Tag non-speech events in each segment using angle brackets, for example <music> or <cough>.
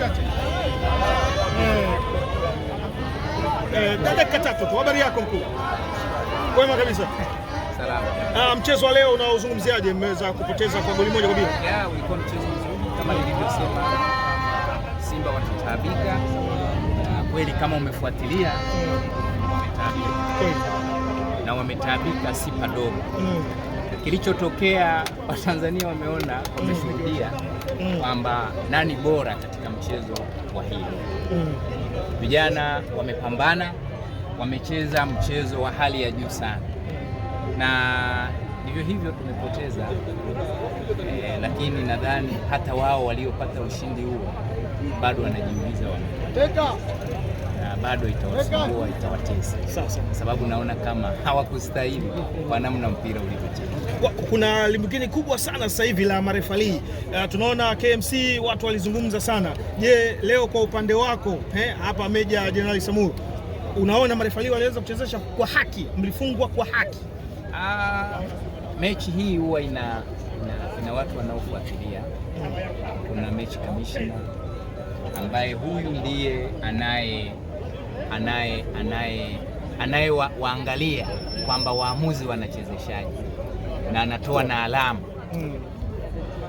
Eh, eh, dakika tatu tu. Habari yako mkuu? Kwema kabisa. Salama. Ah, mchezo wa leo unaozungumziaje? Mmeweza kupoteza kwa goli moja kwa bila. Yeah, ulikuwa mchezo mzuri kama nilivyosema, Simba watataabika kweli. Kama umefuatilia wametaabika na wametaabika si padogo. Mm. Kilichotokea Watanzania wameona, wameshuhudia Mm. kwamba nani bora katika mchezo wa hili mm. Vijana wamepambana, wamecheza mchezo wa hali ya juu sana, na ndivyo hivyo tumepoteza e, lakini nadhani hata wao waliopata ushindi huo bado wanajiuliza wamepata bado itawasumbua, itawatesa, kwa sababu naona kama hawakustahili kwa namna mpira ulivyocheza. Kuna limbukini kubwa sana sasa hivi la marefali. Uh, eh, tunaona KMC watu walizungumza sana. Je, leo kwa upande wako eh, hapa Meja Jenerali Samuru, unaona marefali waliweza kuchezesha kwa haki? Mlifungwa kwa haki? Ah, mechi hii huwa ina, ina, ina watu wanaofuatilia. Kuna mechi kamishna ambaye huyu ndiye anaye anaye anaye anayewaangalia wa, kwamba waamuzi wanachezeshaji na anatoa na alama mm.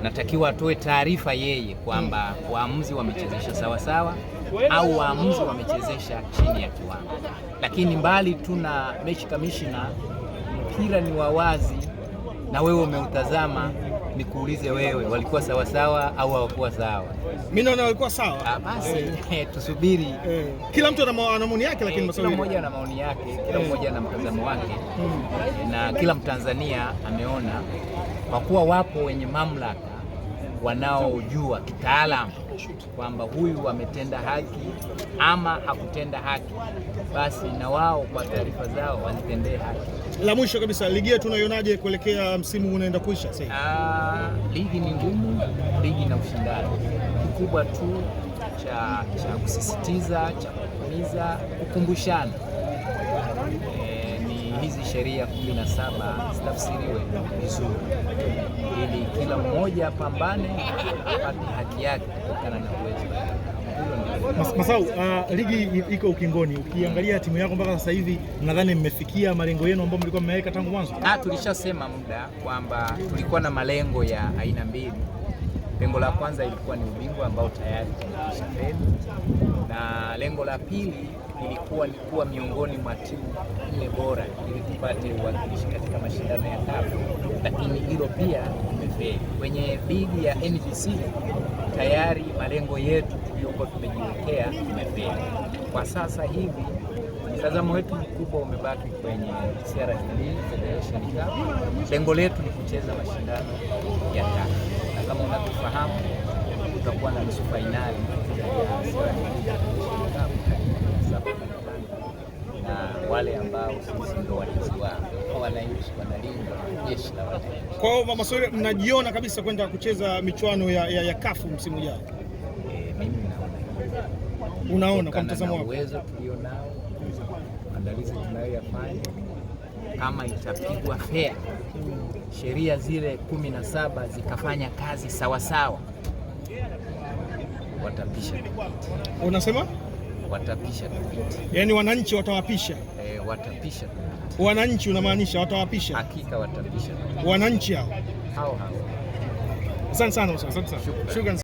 Natakiwa atoe taarifa yeye kwamba mm. waamuzi wamechezesha sawasawa au waamuzi wamechezesha chini ya kiwango. Lakini mbali tu na mechi kamishina mpira ni wa wazi na wewe umeutazama nikuulize wewe, walikuwa sawa sawa au hawakuwa sawa? Mimi naona walikuwa sawa. Ah, basi <laughs> tusubiri. Eh, kila mtu ana maoni yake, lakini eh, kila mmoja ana maoni yake, kila eh. mmoja ana mtazamo wake, hmm. na kila Mtanzania ameona, kwa kuwa wapo wenye mamlaka wanaojua kitaalamu kwamba huyu ametenda haki ama hakutenda haki, basi na wao kwa taarifa zao walitendee haki. La mwisho kabisa, ligi yetu unaionaje kuelekea msimu unaenda kuisha sasa? Ah, ligi ni ngumu, ligi na ushindani kikubwa tu cha, cha kusisitiza cha kuhimiza kukumbushana sheria 17 zitafsiriwe vizuri, ili kila mmoja apambane apate haki yake kutokana na uwezo. Masau, uh, ligi iko ukingoni. Ukiangalia timu yako mpaka sasa hivi, nadhani mmefikia malengo yenu ambayo mlikuwa mmeweka tangu mwanzo. Ah, tulishasema muda kwamba tulikuwa na malengo ya aina mbili. Lengo la kwanza ilikuwa ni ubingwa ambao tayari tumekwisha feli, na lengo la pili ilikuwa ni kuwa miongoni mwa timu nne bora ili tupate uwakilishi katika mashindano ya CAF, lakini hilo pia tumefeli. Kwenye bidi ya NBC tayari malengo yetu tuliyokuwa tumejiwekea tumefeli. Kwa sasa hivi mtazamo wetu mkubwa umebaki kwenye CRDB Federation Cup. Lengo letu ni kucheza mashindano ya CAF kama unavyofahamu, tutakuwa na nusu fainali na wale ambao sisi ndio walinzi wao, wananchi wanalindwa jeshi la wananchi. Kwa hiyo Mama Sore, mnajiona kabisa kwenda kucheza michuano ya, ya, ya kafu msimu ujao? E, mimi naona, unaona kwa mtazamo wako, uwezo tulionao, maandalizi tunayoyafanya, kama itapigwa fair sheria zile kumi na saba zikafanya kazi sawasawa, watapisha Unasema watapisha yaani wananchi watawapisha e, watapisha Wananchi unamaanisha watawapisha? Hakika watapisha wananchi hao hao hao. Asante sana, asante sana.